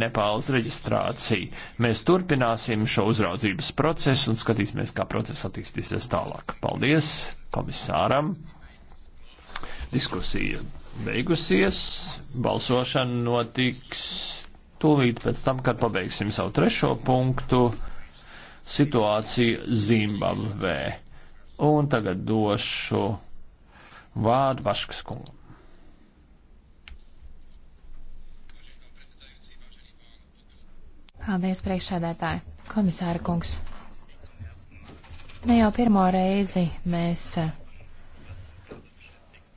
Nepāles reģistrāciju. Mēs turpināsim šo uzraudzības procesu un skatīsimies, kā process attīstīsies tālāk. Paldies komisāram. Diskusija beigusies. Balsošana notiks tūlīt pēc tam, kad pabeigsim savu trešo punktu - situāciju Zimbabvē. Un tagad došu vārdu Vaškas kungam. Paldies, priekšsēdētāji. Komisāra kungs. Ne jau pirmo reizi mēs eh,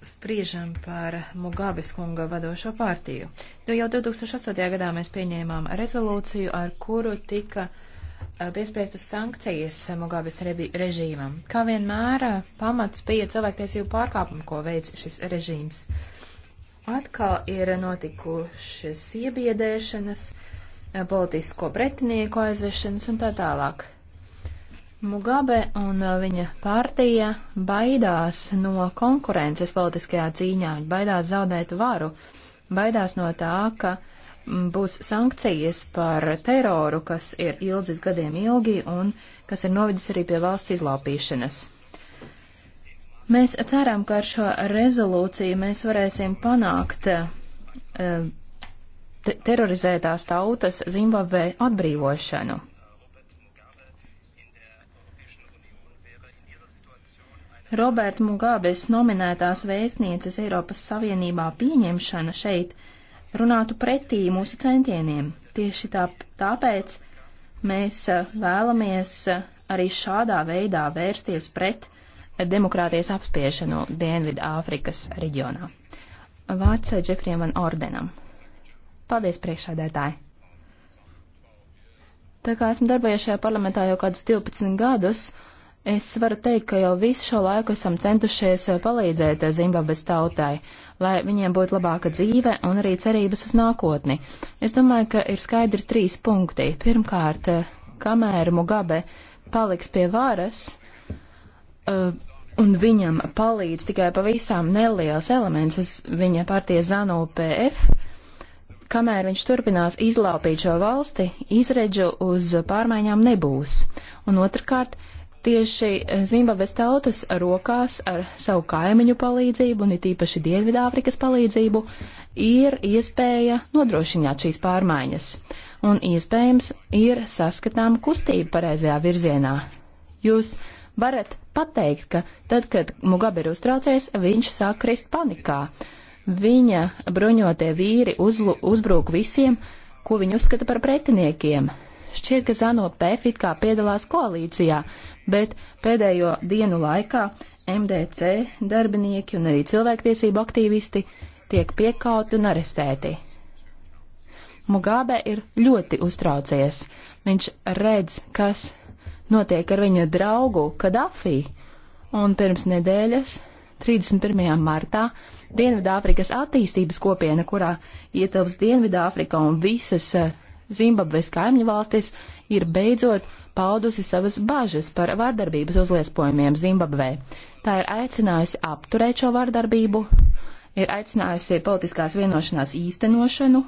spriežam par Mugabes kunga vadošo partiju. Nu, jau 2008. gadā mēs pieņēmām rezolūciju, ar kuru tika eh, piespriestas sankcijas Mugabes režīmam. Kā vienmēr, eh, pamats bija cilvēktiesību pārkāpumi, ko veids šis režīms. Atkal ir notikušas iebiedēšanas, uh, Eh, politisko pretinieku aizvešanas un tā tālāk. Mugabe un eh, viņa partija baidās no konkurences politiskajā cīņā, viņi baidās zaudēt varu, baidās no tā, ka mm, būs sankcijas par teroru, kas ir ilgis gadiem ilgi un kas ir novedis arī pie valsts izlaupīšanas. Mēs ceram, ka ar šo rezolūciju mēs varēsim panākt uh, te terorizētās tautas Zimbabvē atbrīvošanu. Roberta Mugabes nominētās vēstnieces Eiropas Savienībā pieņemšana šeit runātu pretī mūsu centieniem. Tieši tā, tāpēc mēs eh, vēlamies eh, arī šādā veidā vērsties pret demokrātijas apspiešanu Dienvidu Āfrikas reģionā. Vārds Džefrijam eh, Van Ordenam. Paldies, priekšādētāji! Tā kā esmu darbojies šajā parlamentā jau kādus 12 gadus, es varu teikt, ka jau visu šo laiku esam centušies eh, palīdzēt eh, Zimbabves tautai, lai viņiem būtu labāka dzīve un arī cerības uz nākotni. Es domāju, ka ir skaidri trīs punkti. Pirmkārt, eh, kamēr Mugabe paliks pie varas, uh, un viņam palīdz tikai pavisam neliels elements viņa partijas ZANU PF, kamēr viņš turpinās izlaupīt šo valsti, izredzu uz pārmaiņām nebūs. Un otrkārt, tieši eh, Zimbabves tautas rokās ar savu kaimiņu palīdzību, un it īpaši Dienvidāfrikas palīdzību, ir iespēja nodrošināt šīs pārmaiņas. Un iespējams ir saskatām kustība pareizajā virzienā. Jūs varat pateikt, ka tad, kad Mugabe ir uztraucies, viņš sāk krist panikā. Uh, viņa bruņotie vīri uzlu, uzbrūk visiem, ko viņi uzskata par pretiniekiem. Šķiet, ka Zano PF it kā piedalās koalīcijā, bet pēdējo dienu laikā MDC darbinieki un arī cilvēktiesību aktīvisti tiek piekauti un arestēti. Mugabe ir ļoti uztraucies. Viņš redz, kas notiek ar viņa draugu Kadafī, un pirms nedēļas 31. martā Dienvidāfrikas attīstības kopiena, kurā ietilps Dienvidāfrika un visas eh, Zimbabves kaimiņu valstis, ir beidzot paudusi savas bažas par vardarbības uzliespojumiem Zimbabvē. Tā ir aicinājusi apturēt šo vardarbību, ir aicinājusi politiskās vienošanās īstenošanu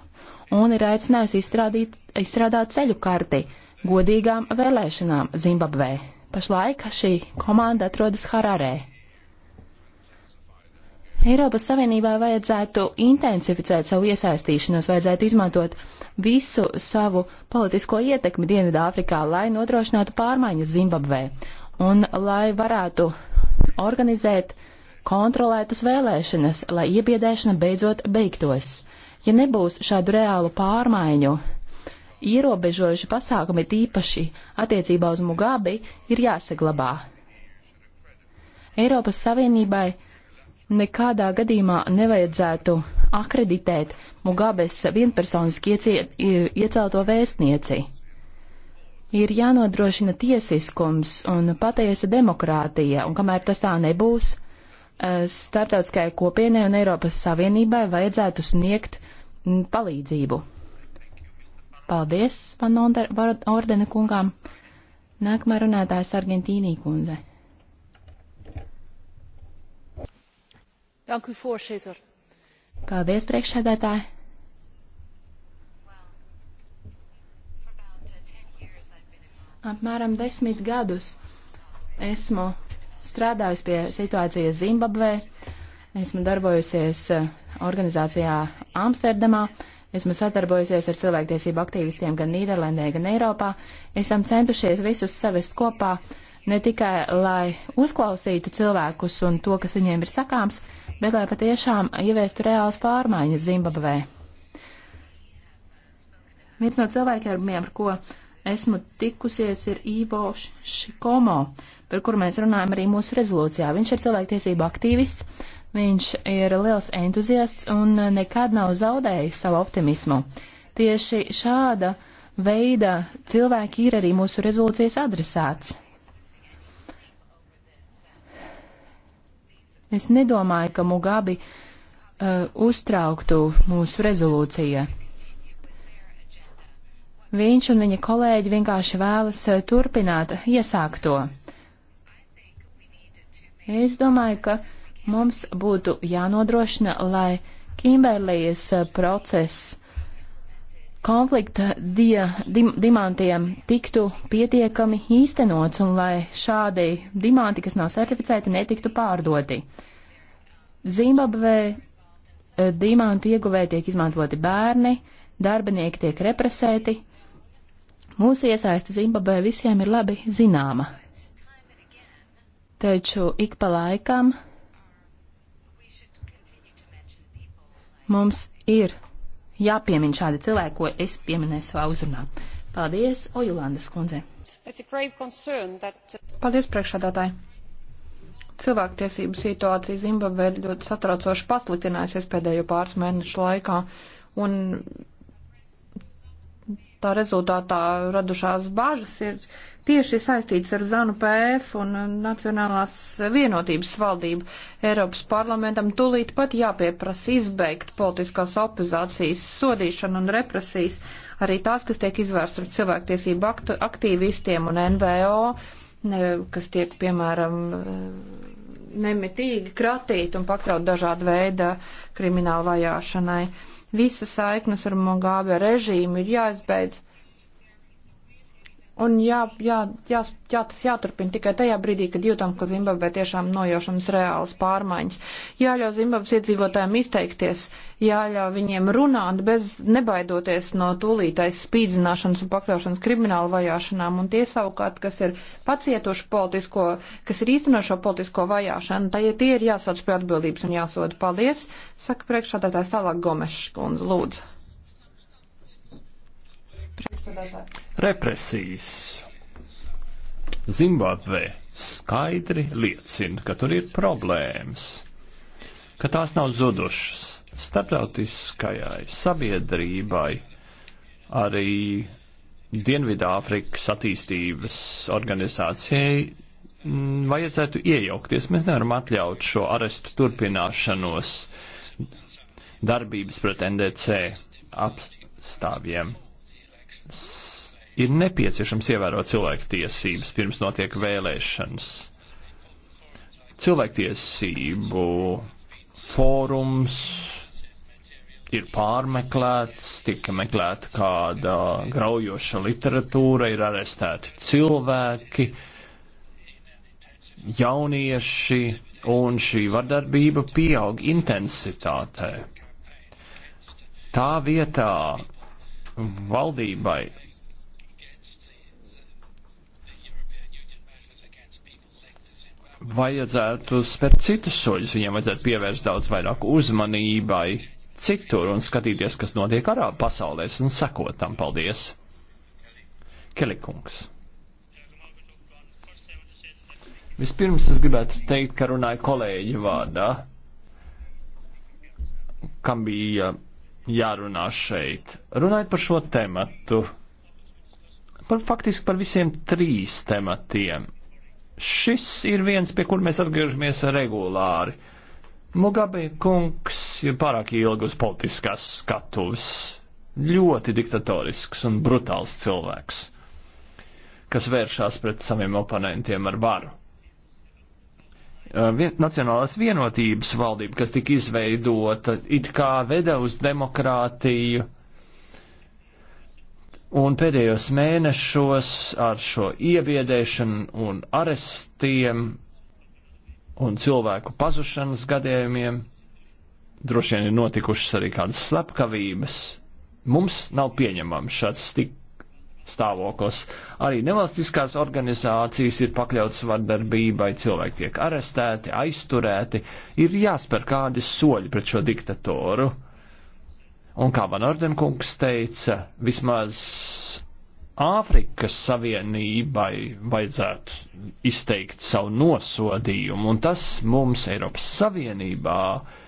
un ir aicinājusi izstrādīt, izstrādāt ceļu karti godīgām vēlēšanām Zimbabvē. Pašlaik šī komanda atrodas Hararē. Eiropas Savienībā vajadzētu intensificēt savu iesaistīšanos, vajadzētu izmantot visu savu politisko ietekmi Dienvidāfrikā, lai nodrošinātu pārmaiņas Zimbabvē un lai varētu organizēt kontrolētas vēlēšanas, lai iebiedēšana beidzot beigtos. Ja nebūs šādu reālu pārmaiņu, ierobežojuši pasākumi tīpaši attiecībā uz Mugabi ir jāsaglabā. Eiropas Savienībai nekādā gadījumā nevajadzētu akreditēt Mugabes vienpersoniski iecelto vēstnieci. Ir jānodrošina tiesiskums un patiesa demokrātija, un kamēr tas tā nebūs, eh, starptautiskajai kopienai un Eiropas Savienībai vajadzētu sniegt mm, palīdzību. Paldies, man ordena kungām. Nākamā runātājs Argentīnī kundze. Dank u, voorzitter. Paldies, priekšsēdētāji. Apmēram desmit gadus esmu strādājusi pie situācijas Zimbabvē, esmu darbojusies eh, organizācijā Amsterdamā, esmu sadarbojusies ar cilvēktiesību aktīvistiem gan Nīderlandē, gan Eiropā, esam centušies visus savest kopā ne tikai lai uzklausītu cilvēkus un to, kas viņiem ir sakāms, bet lai patiešām ieviestu reāls pārmaiņas Zimbabvē. Viens no cilvēkiem, ar ko esmu tikusies, ir Ivo Šikomo, par kuru mēs runājam arī mūsu rezolūcijā. Viņš ir cilvēktiesība aktīvists, viņš ir liels entuziasts un nekad nav zaudējis savu optimismu. Tieši šāda veida cilvēki ir arī mūsu rezolūcijas adresāts. Es nedomāju, ka Mugabi uh, uztrauktu mūsu rezolūcija. Viņš un viņa kolēģi vienkārši vēlas uh, turpināt uh, iesākto. Es domāju, ka mums būtu jānodrošina, lai Kimberlijas uh, process konflikta dia, dim, dimantiem tiktu pietiekami īstenots un lai šādi dimanti, kas nav certificēti, netiktu pārdoti. Zimbabvē e, dimantu ieguvēji tiek izmantoti bērni, darbinieki tiek represēti. Mūsu iesaiste Zimbabvē visiem ir labi zināma. Taču ik pa laikam mums ir jāpiemin šādi cilvēki, ko es pieminēju savā uzrunā. Paldies, Ojulandas kundze. That... Uh, Paldies, priekšādātāji. Cilvēktiesību situācija Zimbabvē ir ļoti satraucoši pasliktinājusies pēdējo pāris mēnešu laikā, un tā rezultātā radušās bažas ir tieši saistīts ar ZANU PF un Nacionālās vienotības valdību. Eiropas parlamentam tūlīt pat jāpieprasa izbeigt politiskās opozācijas sodīšanu un represijas, arī tās, kas tiek izvērsts ar cilvēktiesību akt aktīvistiem un NVO, kas tiek, piemēram, nemitīgi kratīt un pakļaut dažādu veidu kriminālu vajāšanai. Visas saiknes ar Mugabe režīmu ir jāizbeidz Un jā, jā, jā, jā, tas jāturpina tikai tajā brīdī, kad jūtam, ka Zimbabvē tiešām nojaušams reāls pārmaiņas. Jāļauj Zimbabves iedzīvotājiem izteikties, jāļauj viņiem runāt bez nebaidoties no tūlītais spīdzināšanas un pakļaušanas krimināla vajāšanām. Un tie savukārt, kas ir pacietuši politisko, kas ir īstenošo politisko vajāšanu, tai tie ir jāsauc pie atbildības un jāsoda. Paldies, saka priekšādātājs tālāk Gomešs kundze, lūdzu. Represijas Zimbabvē skaidri liecina, ka tur ir problēmas, ka tās nav zudušas. Starptautiskajai sabiedrībai arī Dienvidāfrikas attīstības organizācijai mm, vajadzētu iejaukties. Mēs nevaram atļaut šo arestu turpināšanos darbības pret NDC apstāvjiem ir nepieciešams ievērot cilvēku tiesības pirms notiek vēlēšanas. Cilvēktiesību fórums ir pārmeklēts, tika meklēta kāda graujoša literatūra, ir arestēti cilvēki, jaunieši, un šī vardarbība pieaug intensitātē. Tā vietā, valdībai. Vajadzētu spērt citus soļus, viņiem vajadzētu pievērst daudz vairāk uzmanībai citur un skatīties, kas notiek arābu pasaulēs un sekot tam. Paldies! Kelikungs. Vispirms es gribētu teikt, ka runāju kolēģi vārdā, kam bija jārunā šeit. Runājot par šo tematu, par faktiski par visiem trīs tematiem. Šis ir viens, pie kur mēs atgriežamies regulāri. Mugabe kungs ir pārāk ilgi uz politiskās skatuves, ļoti diktatorisks un brutāls cilvēks, kas vēršās pret saviem oponentiem ar varu. Uh, Nacionālās vienotības valdība, kas tika izveidota, it kā veda uz demokrātiju, un pēdējos mēnešos ar šo iebiedēšanu un arestiem un cilvēku pazušanas gadījumiem droši vien ir notikušas arī kādas slepkavības. Mums nav pieņemams šāds tik stāvoklis. Arī nevalstiskās organizācijas ir pakļautas vardarbībai, cilvēki tiek arestēti, aizturēti, ir jāspēr kādi soļi pret šo diktatoru. Un kā Van Ordenkungs teica, vismaz Āfrikas Savienībai vajadzētu izteikt savu nosodījumu, un tas mums Eiropas Savienībā uh,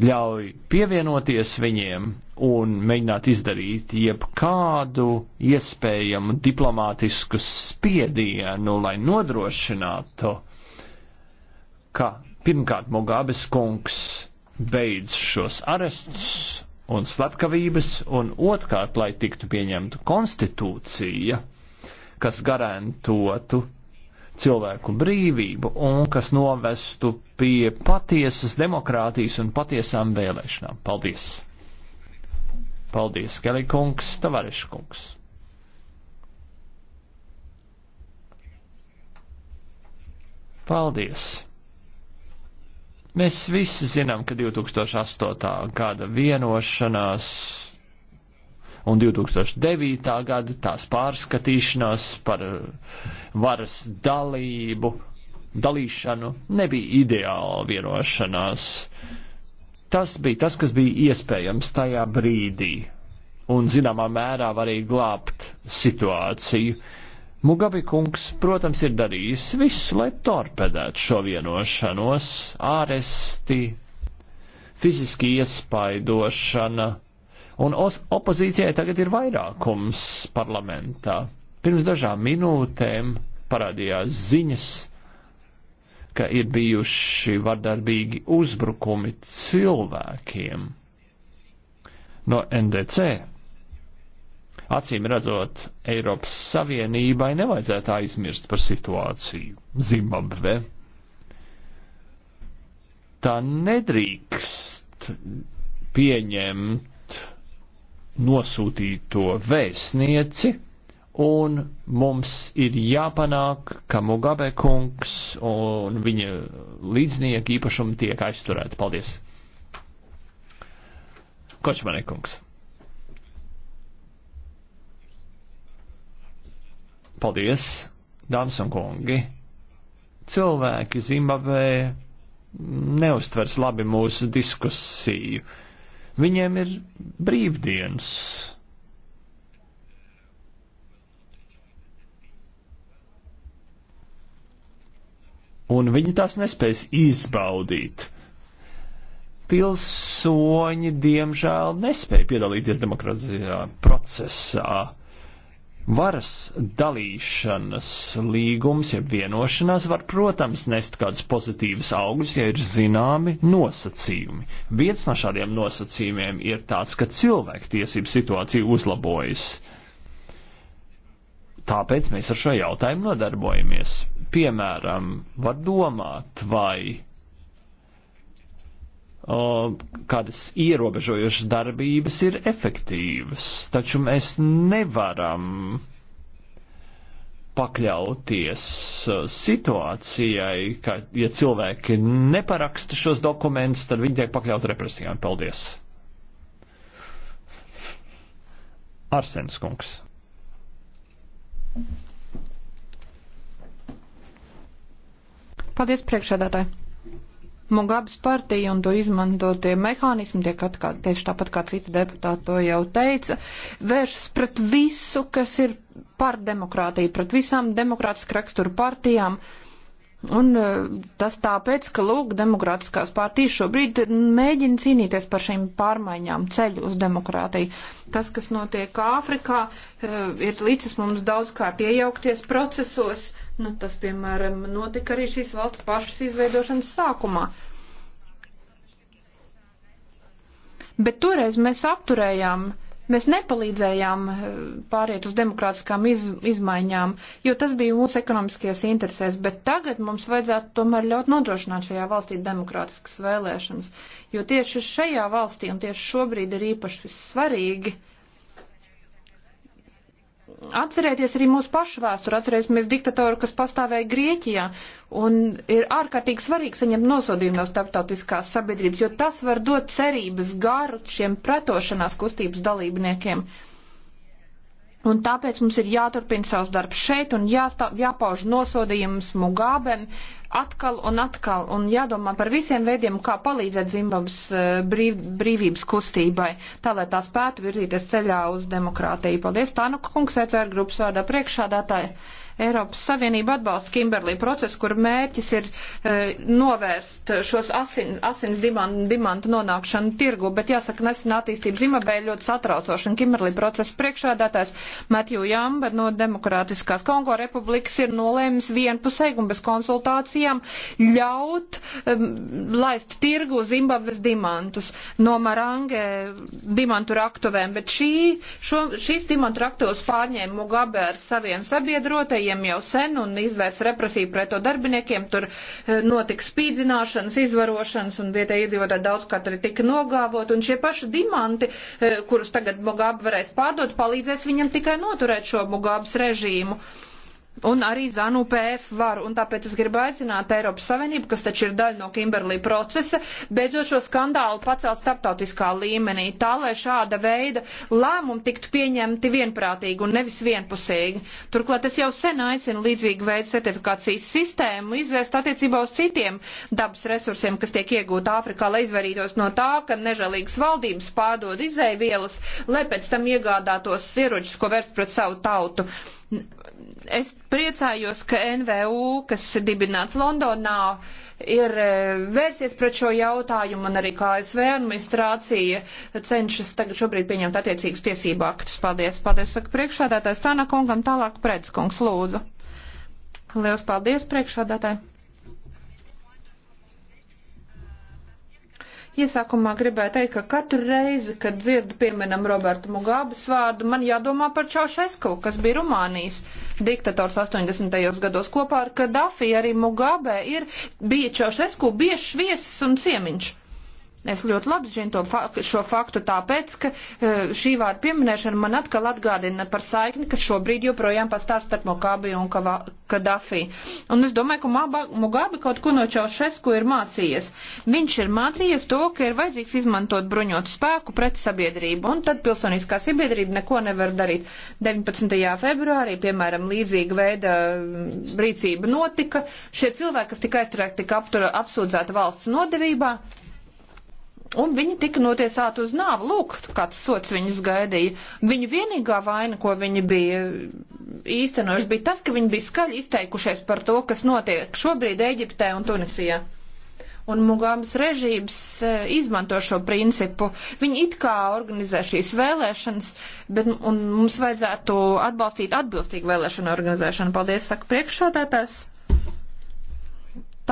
ļauj pievienoties viņiem un mēģināt izdarīt jebkādu iespējamu diplomātisku spiedienu, lai nodrošinātu, ka pirmkārt Mugabes kungs beidz šos arestus un slepkavības, un otrkārt, lai tiktu pieņemta konstitūcija, kas garantotu cilvēku brīvību un kas novestu pie patiesas demokrātijas un patiesām vēlēšanām. Paldies! Paldies, Gelikungs, Tavareškungs! Paldies! Mēs visi zinām, ka 2008. gada vienošanās un 2009. gada tās pārskatīšanās par eh, varas dalību, dalīšanu nebija ideāla vienošanās. Tas bija tas, kas bija iespējams tajā brīdī, un zināmā mērā varēja glābt situāciju. Mugabe kungs, protams, ir darījis visu, lai torpedētu šo vienošanos, āresti, fiziski iespaidošana, Un opozīcijai tagad ir vairākums parlamentā. Pirms dažām minūtēm parādījās ziņas, ka ir bijuši vardarbīgi uzbrukumi cilvēkiem no NDC. Acīm redzot, Eiropas Savienībai nevajadzētu aizmirst par situāciju Zimbabve. Tā nedrīkst pieņemt nosūtīto vēstnieci, un mums ir jāpanāk, ka Mugabe kungs un viņa līdznieki īpašumi tiek aizturēti. Paldies! Kočmanē kungs! Paldies, dāmas un kungi! Cilvēki Zimbabvē neustvers labi mūsu diskusiju. Uh, Viņiem ir brīvdienas. Un viņi tās nespēs izbaudīt. Pilsoņi, diemžēl, nespēja piedalīties demokratizā procesā. Varas dalīšanas līgums, jeb ja vienošanās var, protams, nest kādas pozitīvas augļus, ja ir zināmi nosacījumi. Viens no šādiem nosacījumiem ir tāds, ka cilvēktiesību situācija uzlabojas. Tāpēc mēs ar šo jautājumu nodarbojamies. Piemēram, var domāt, vai kādas ierobežojošas darbības ir efektīvas, taču mēs nevaram pakļauties situācijai, ka, ja cilvēki neparaksta šos dokumentus, tad viņi tiek pakļauti represijām. Paldies! Arsens kungs. Paldies priekšādātāji! Mugabes partija un to izmantotie mehānismi, tiek atkal, tieši tāpat kā cita deputāta to jau teica, vēršas pret visu, kas ir par demokrātiju, pret visām demokrātisku raksturu partijām. Un e, tas tāpēc, ka, lūk, demokrātiskās partijas šobrīd mēģina cīnīties par šīm pārmaiņām ceļu uz demokrātiju. Tas, kas notiek Āfrikā, e, ir līdzis mums daudzkārt iejaukties procesos Nu, tas, piemēram, notika arī šīs valsts pašas izveidošanas sākumā. Bet toreiz mēs apturējām mēs nepalīdzējām eh, pāriet uz demokrātiskām iz, izmaiņām, jo tas bija mūsu ekonomiskajās interesēs, bet tagad mums vajadzētu tomēr ļaut nodrošināt šajā valstī demokrātiskas vēlēšanas, jo tieši šajā valstī un tieši šobrīd ir īpaši svarīgi uh, atcerēties arī mūsu pašu vēsturi, atcerēsimies diktatoru, kas pastāvēja Grieķijā, un ir ārkārtīgi svarīgi saņemt nosodījumu no starptautiskās sabiedrības, jo tas var dot cerības garu šiem pretošanās kustības dalībniekiem. Uh, Un tāpēc mums ir jāturpina savs darbs šeit un jāstāv, jāpauž nosodījums Mugabem atkal un atkal un jādomā par visiem veidiem, kā palīdzēt Zimbabves eh, brīv, brīvības kustībai, tā lai tā spētu virzīties ceļā uz demokrātiju. Paldies, Tānuka kungs, ECR grupas vārdā priekšādātāja. Eiropas Savienība atbalsta Kimberlī procesu, kur mērķis ir e, novērst šos asin, asins dimantu, dimantu nonākšanu tirgu, bet jāsaka, nesen attīstība Zimbabvē ļoti satraucoša, un Kimberlī procesa priekšādātājs Matju Jamba no Demokrātiskās Kongo republikas ir nolēmis vienpusēji un bez konsultācijām ļaut e, laist tirgu Zimbabves dimantus no Marange dimantu raktuvēm, bet šī, šo, šīs dimantu raktuvas pārņēma Mugabe ar saviem sabiedrotajiem, pieejami jau sen un izvērs represiju pret to darbiniekiem. Tur eh, notiks spīdzināšanas, izvarošanas un vietēji iedzīvotāji daudzkārt arī tika nogāvot. Un šie paši dimanti, eh, kurus tagad Mugabe varēs pārdot, palīdzēs viņam tikai noturēt šo Mugabes režīmu. Uh, un arī ZANU PF varu. Un tāpēc es gribu aicināt Eiropas Savienību, kas taču ir daļa no Kimberlī procesa, beidzot šo skandālu pacelt starptautiskā līmenī, tā lai šāda veida lēmumi tiktu pieņemti vienprātīgi un nevis vienpusīgi. Turklāt es jau sen aicinu līdzīgu veidu certifikācijas sistēmu izvērst attiecībā uz citiem dabas resursiem, kas tiek iegūti Āfrikā, lai izvairītos no tā, ka nežēlīgas valdības pārdod izēvielas, lai pēc tam iegādātos ieročus, ko vērst pret savu tautu es priecājos, ka NVU, kas ir dibināts Londonā, ir e, vērsies pret šo jautājumu un arī KSV administrācija cenšas tagad šobrīd pieņemt attiecīgus tiesību aktus. Paldies, paldies, saka priekšādātājs Tāna kungam, tālāk Predskungs, lūdzu. Liels paldies priekšādātājai. Iesākumā gribēju teikt, ka katru reizi, kad dzirdu pieminam Robertu Mugabes vārdu, man jādomā par Čaušesku, kas bija Rumānijas uh, diktators 80. gados kopā ar Kadafi, arī Mugabe ir bija Čaušesku biežs viesis un ciemiņš. Es ļoti labi zinu fa šo faktu, tāpēc, ka e, šī vārda pieminēšana man atkal atgādina par saikni, kas šobrīd joprojām pastāv starp Mugabi un Kadafī. Un es domāju, ka Mugabi kaut ko no Čaušesku ir mācījies. Viņš ir mācījies to, ka ir vajadzīgs izmantot bruņot spēku pret sabiedrību, un tad pilsoniskā sabiedrība neko nevar darīt. 19. februārī, piemēram, līdzīga veida mm, rīcība notika. Šie cilvēki, kas tika aizturēti, tika apsūdzēti valsts nodevībā un viņi tika notiesāti uz nāvu. Lūk, kāds sots viņus gaidīja. Viņa vienīgā vaina, ko viņi bija īstenojuši, bija tas, ka viņi bija skaļi izteikušies par to, kas notiek šobrīd Eģiptē un Tunisijā. Un Mugāmas režīms e, izmanto šo principu. Viņi it kā organizē šīs vēlēšanas, bet mums vajadzētu atbalstīt atbilstīgu vēlēšanu organizēšanu. Paldies, saka priekšsādātājs.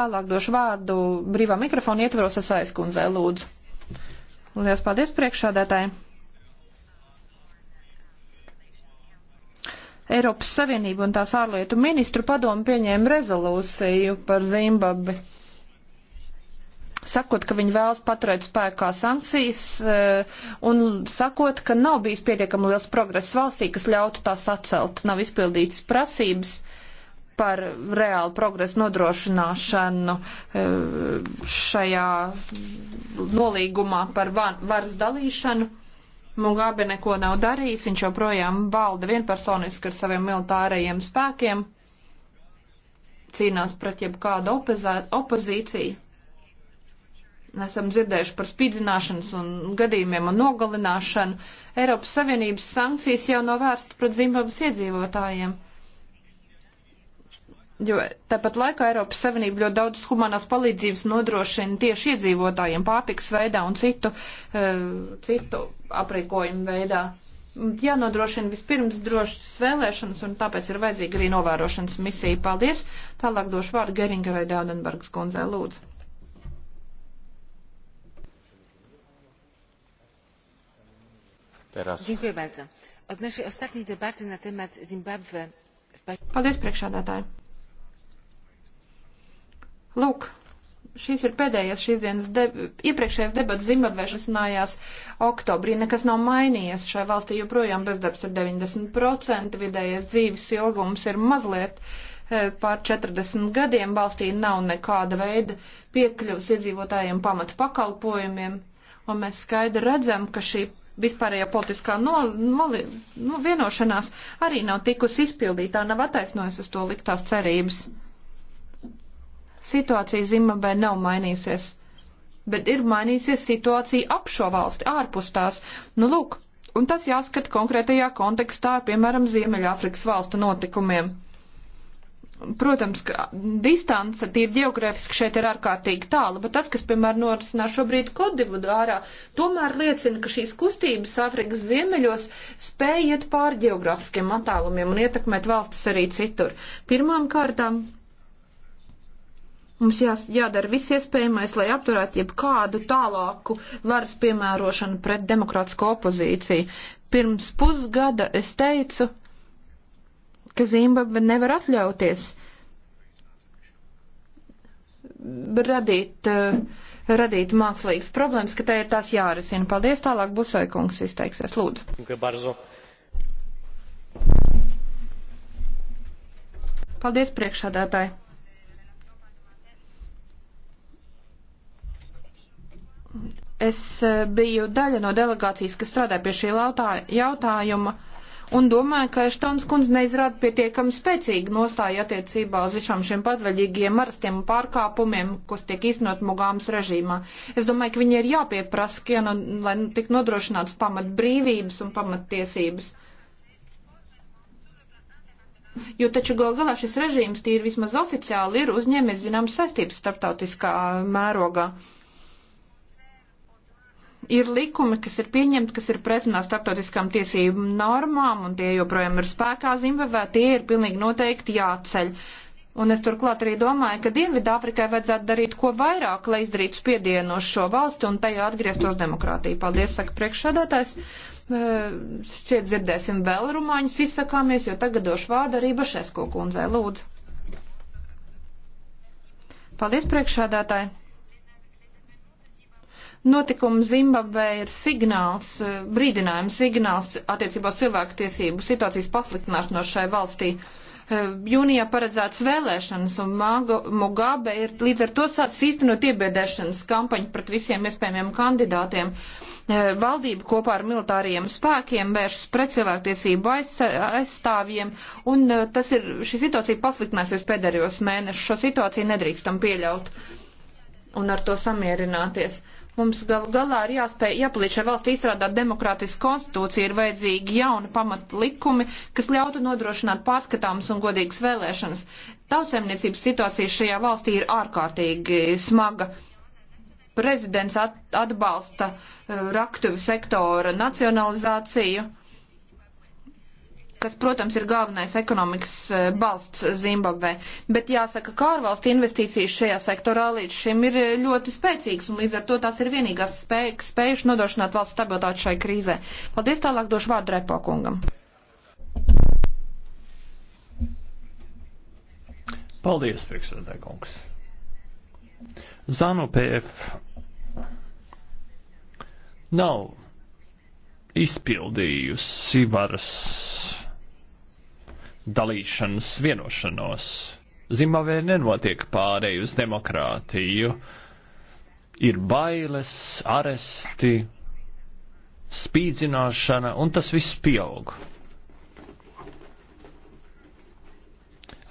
Tālāk došu vārdu brīvā mikrofona ietvaros es aizkundzē, lūdzu. Lielas paldies priekšādātāji! Eiropas Savienība un tās ārlietu ministru padomu pieņēma rezolūciju par Zimbabvi. Sakot, ka viņi vēlas paturēt spēkā sankcijas eh, un sakot, ka nav bijis pietiekami liels progress valstī, kas ļautu tās atcelt, nav izpildītas prasības par reālu progresu nodrošināšanu e, šajā nolīgumā par varas dalīšanu. Mugabe neko nav darījis, viņš joprojām valda vienpersoniski ar saviem militārajiem spēkiem, cīnās pret jebkādu opozā, opozīciju. Esam dzirdējuši par spīdzināšanas un gadījumiem un nogalināšanu. Eiropas Savienības sankcijas jau nav vērstas pret Zimbabves iedzīvotājiem. Jo tāpat laikā Eiropas Savienība ļoti daudz humanās palīdzības nodrošina tieši iedzīvotājiem pārtiks veidā un citu, uh, citu aprīkojumu veidā. Jānodrošina vispirms drošas vēlēšanas, un tāpēc ir vajadzīga arī novērošanas misija. Paldies! Tālāk došu vārdu Geringerai Daudenbergas kundzei lūdzu. Teraz. Dziękuję bardzo. Od naszej ostatniej debaty na temat Zimbabwe. Paldies, priekšādātāji! Lūk, šīs ir pēdējās šīs dienas, de, iepriekšējās debatas Zimbabvē šasinājās oktobrī, nekas nav mainījies, šai valstī joprojām bezdarbs ir 90%, vidējais dzīves ilgums ir mazliet e, pār 40 gadiem, valstī nav nekāda veida piekļuvs iedzīvotājiem pamatu pakalpojumiem, un mēs skaidri redzam, ka šī vispārējā politiskā no, no, no nu, vienošanās arī nav tikusi izpildītā, nav attaisnojusi uz to liktās cerības. Situācija Zimbabvē nav mainīsies, bet ir mainīsies situācija ap šo valsti, ārpus tās. Nu, lūk, un tas jāskata konkrētajā kontekstā, piemēram, Ziemeļāfrikas valstu notikumiem. Protams, ka distance tīri geogrāfiski šeit ir ārkārtīgi tāla, bet tas, kas, piemēram, norisinās šobrīd Kodivudārā, tomēr liecina, ka šīs kustības Āfrikas ziemeļos spēj iet pāri geogrāfiskiem attālumiem un ietekmēt valstis arī citur. Pirmām kārtām Mums jā, jādara viss iespējamais, lai apturētu jebkādu tālāku varas piemērošanu pret demokrātisko opozīciju. Pirms pusgada es teicu, ka Zimbabve nevar atļauties radīt, eh, radīt mākslīgas problēmas, ka tai ir tās jārisina. Paldies, tālāk Busaikungs izteiksies. Lūdzu. Paldies, priekšādātāji. Es eh, biju daļa no delegācijas, kas strādāja pie šī jautājuma un domāju, ka Štons kundze neizrāda pietiekami spēcīgu nostāju attiecībā uz visām šiem patvaļīgiem arastiem un pārkāpumiem, kas tiek iznot Mugāmas režīmā. Es domāju, ka viņi ir jāpieprasa, ja nu, lai nu, tik nodrošināts pamat brīvības un pamattiesības. Jo taču gal galā šis režīms, tīri vismaz oficiāli, ir uzņēmis zināmas saistības starptautiskā eh, mērogā. Uh, ir likumi, kas ir pieņemti, kas ir pretinā starptautiskām tiesību normām, un tie joprojām ir spēkā Zimbabvē, tie ir pilnīgi noteikti jāceļ. Un es turklāt arī domāju, ka Dienvidāfrikai vajadzētu darīt ko vairāk, lai izdarītu spiedienu uz šo valsti un tajā atgrieztos demokrātija. Paldies, saka priekšsādātājs. Šķiet dzirdēsim vēl rumāņus izsakāmies, jo tagad došu vārdu arī Bašesko kundzei. Lūdzu. Paldies, priekšsādātāji. Notikumi Zimbabvē ir signāls, eh, brīdinājums signāls attiecībā uz cilvēku tiesību situācijas pasliktināšanos šai valstī. Eh, jūnijā paredzētas vēlēšanas, un Mago, Mugabe ir līdz ar to sācis īstenot iebiedēšanas kampaņu pret visiem iespējamiem kandidātiem. Eh, valdība kopā ar militāriem spēkiem vēršas pret cilvēktiesību aizstāvjiem, un tas ir, šī situācija pasliktināsies pēdējos mēnešus. Šo situāciju nedrīkstam pieļaut un ar to samierināties. Uh, Mums gal galā ir jāspēj iepalīdz šai valsts izstrādāt demokrātisku konstitūciju, ir vajadzīgi jauni pamatlikumi, kas ļautu nodrošināt pārskatāmas un godīgas vēlēšanas. Tautsēmniecības situācija šajā valstī ir ārkārtīgi smaga prezidents at, atbalsta eh, raktuvi sektora nacionalizāciju kas, protams, ir galvenais ekonomikas eh, balsts Zimbabvē. Bet jāsaka, kā ārvalstu investīcijas šajā sektorā līdz šim ir eh, ļoti spēcīgas, un līdz ar to tās ir vienīgās spēj, spējušas nodrošināt valsts stabilitāti šai krīzē. Paldies, tālāk došu vārdu Repo kungam. Paldies, priekšsēdētāj kungs. ZANU PF nav izpildījusi varas dalīšanas vienošanos. Zimbabvē nenotiek pārēj uz demokrātiju. Ir bailes, aresti, spīdzināšana, un tas viss pieaug.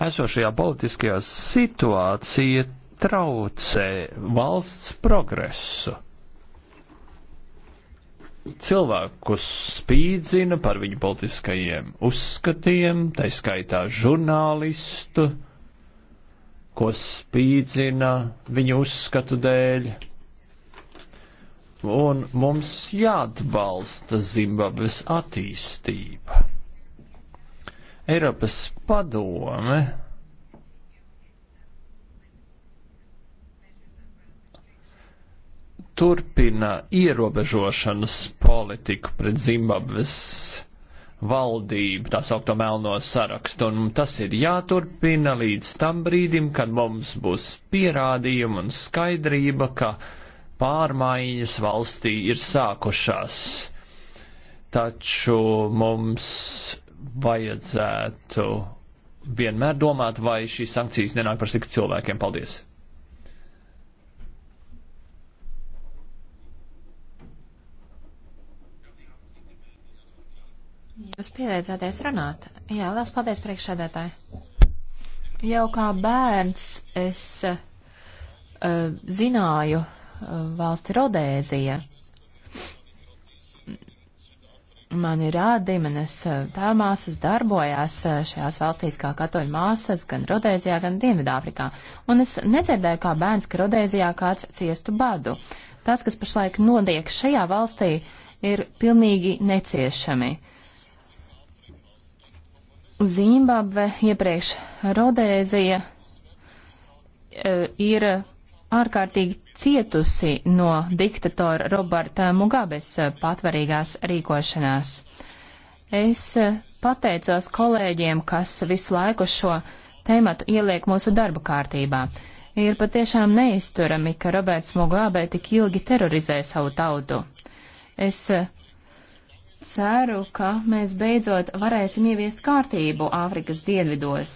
Esošajā politiskajā situācija traucē valsts progresu cilvēkus spīdzina par viņu politiskajiem uzskatiem, tai skaitā žurnālistu, ko spīdzina viņu uzskatu dēļ. Un mums jāatbalsta Zimbabves attīstība. Eiropas padome turpina ierobežošanas politiku pret Zimbabves valdību, tā saucamo melno sarakstu, un tas ir jāturpina līdz tam brīdim, kad mums būs pierādījumi un skaidrība, ka pārmaiņas valstī ir sākušās. Taču mums vajadzētu vienmēr domāt, vai šīs sankcijas nenāk par sliktu cilvēkiem. Paldies! Jūs pieredzēties runāt. Jā, liels paldies priekšsēdētāji. Jau kā bērns es uh, zināju uh, valsti Rodēzija. Mani rādi, manas eh, tēvmāsas darbojās šajās valstīs kā katoļu māsas, gan Rodēzijā, gan Dienvidāfrikā. Un es nedzirdēju kā bērns, ka Rodēzijā kāds ciestu badu. Tas, kas pašlaik notiek šajā valstī, ir pilnīgi neciešami. Uh, Zimbabve, iepriekš Rodēzija e, ir ārkārtīgi cietusi no diktatora Roberta Mugabes patvarīgās rīkošanās. Es pateicos kolēģiem, kas visu laiku šo tēmatu ieliek mūsu darba kārtībā. Ir patiešām neizturami, ka Roberts Mugabe tik ilgi terorizē savu tautu. Es ceru, ka mēs beidzot varēsim ieviest kārtību Āfrikas dienvidos,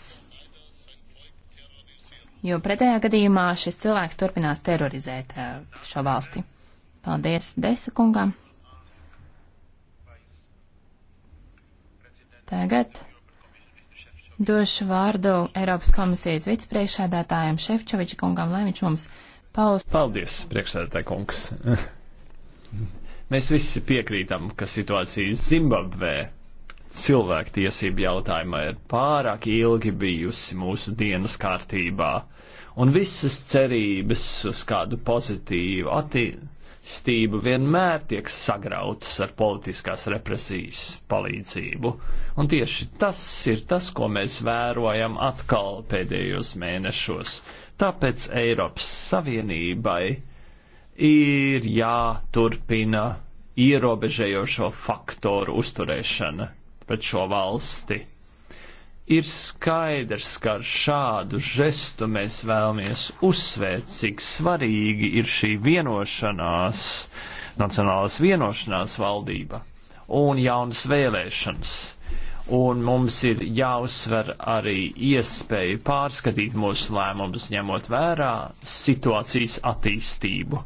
jo pretējā gadījumā šis cilvēks turpinās terorizēt eh, šo valsti. Paldies Desa kungam. Tagad došu vārdu Eiropas komisijas vicepriekšādātājiem Šefčoviča kungam, lai viņš mums paust. Paldies, priekšsēdētāji kungs. Mēs visi piekrītam, ka situācija Zimbabvē cilvēktiesību jautājumā ir pārāk ilgi bijusi mūsu dienas kārtībā, un visas cerības uz kādu pozitīvu attīstību vienmēr tiek sagrautas ar politiskās represijas palīdzību. Un tieši tas ir tas, ko mēs vērojam atkal pēdējos mēnešos. Tāpēc Eiropas Savienībai ir jāturpina ierobežējošo faktoru uzturēšana pret šo valsti. Ir skaidrs, ka ar šādu žestu mēs vēlamies uzsvērt, cik svarīgi ir šī vienošanās, nacionālas vienošanās valdība un jaunas vēlēšanas un mums ir jāuzsver arī iespēja pārskatīt mūsu lēmumus, ņemot vērā situācijas attīstību.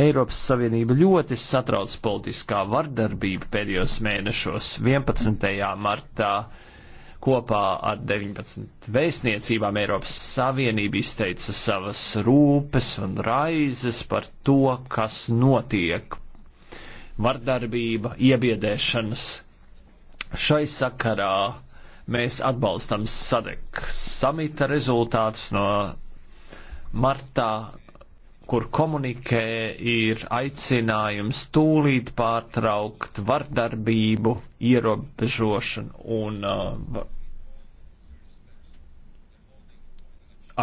Eiropas Savienība ļoti satrauc politiskā vardarbība pēdējos mēnešos. 11. martā kopā ar 19 vēstniecībām Eiropas Savienība izteica savas rūpes un raizes par to, kas notiek. Vardarbība, iebiedēšanas. Šai sakarā mēs atbalstam SADEK samita rezultātus no martā kur komunikē ir aicinājums tūlīt pārtraukt vardarbību, ierobežošanu un uh,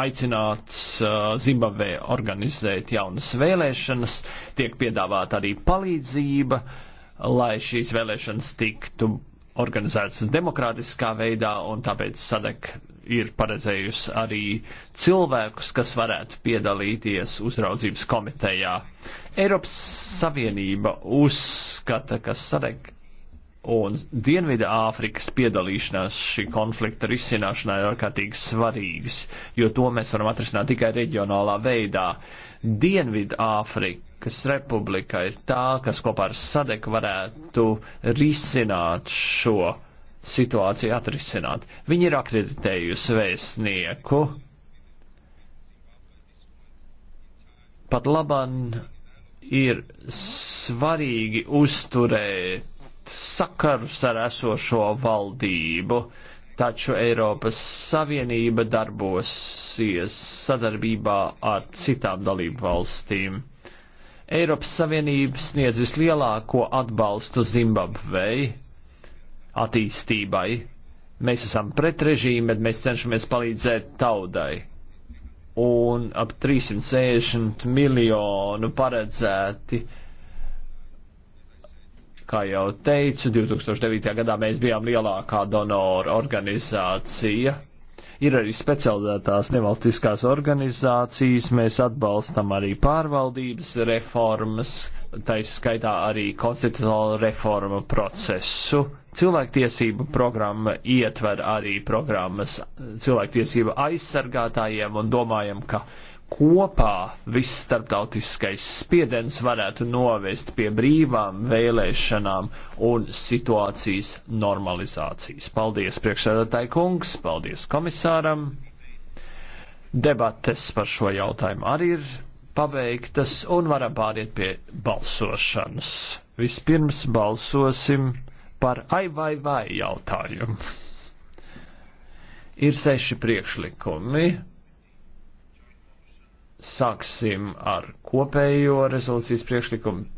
aicināts uh, Zimbabvē organizēt jaunas vēlēšanas, tiek piedāvāta arī palīdzība, lai šīs vēlēšanas tiktu organizētas demokrātiskā veidā, un tāpēc sadek ir paredzējusi arī cilvēkus, kas varētu piedalīties uzraudzības komitejā. Eiropas Savienība uzskata, ka Sadek un Dienvida Āfrikas piedalīšanās šī konflikta risināšanā ir ārkārtīgi svarīgs, jo to mēs varam atrisināt tikai reģionālā veidā. Dienvida Āfrikas republika ir tā, kas kopā ar Sadek varētu risināt šo konfliktu situāciju atrisināt. Viņi ir akreditējusi vēstnieku. Pat laban ir svarīgi uzturēt sakarus ar esošo valdību, taču Eiropas Savienība darbosies sadarbībā ar citām dalību valstīm. Eiropas Savienība sniedz vislielāko atbalstu Zimbabvei, attīstībai. Mēs esam pret režīmu, bet mēs cenšamies palīdzēt taudai. Un ap 360 miljonu paredzēti kā jau teicu, 2009. gadā mēs bijām lielākā donoru organizācija. Ir arī specializētās nevalstiskās organizācijas, mēs atbalstam arī pārvaldības reformas, taisa skaitā arī konstitucionālu reformu procesu. Cilvēktiesība programma ietver arī programmas cilvēktiesība aizsargātājiem un domājam, ka kopā viss starptautiskais spiediens varētu novest pie brīvām vēlēšanām un situācijas normalizācijas. Paldies priekšsēdētāji kungs, paldies komisāram. Debates par šo jautājumu arī ir pabeigtas un varam pāriet pie balsošanas. Vispirms balsosim par ai vai vai jautājumu. Ir seši priekšlikumi. Sāksim ar kopējo rezolūcijas priekšlikumu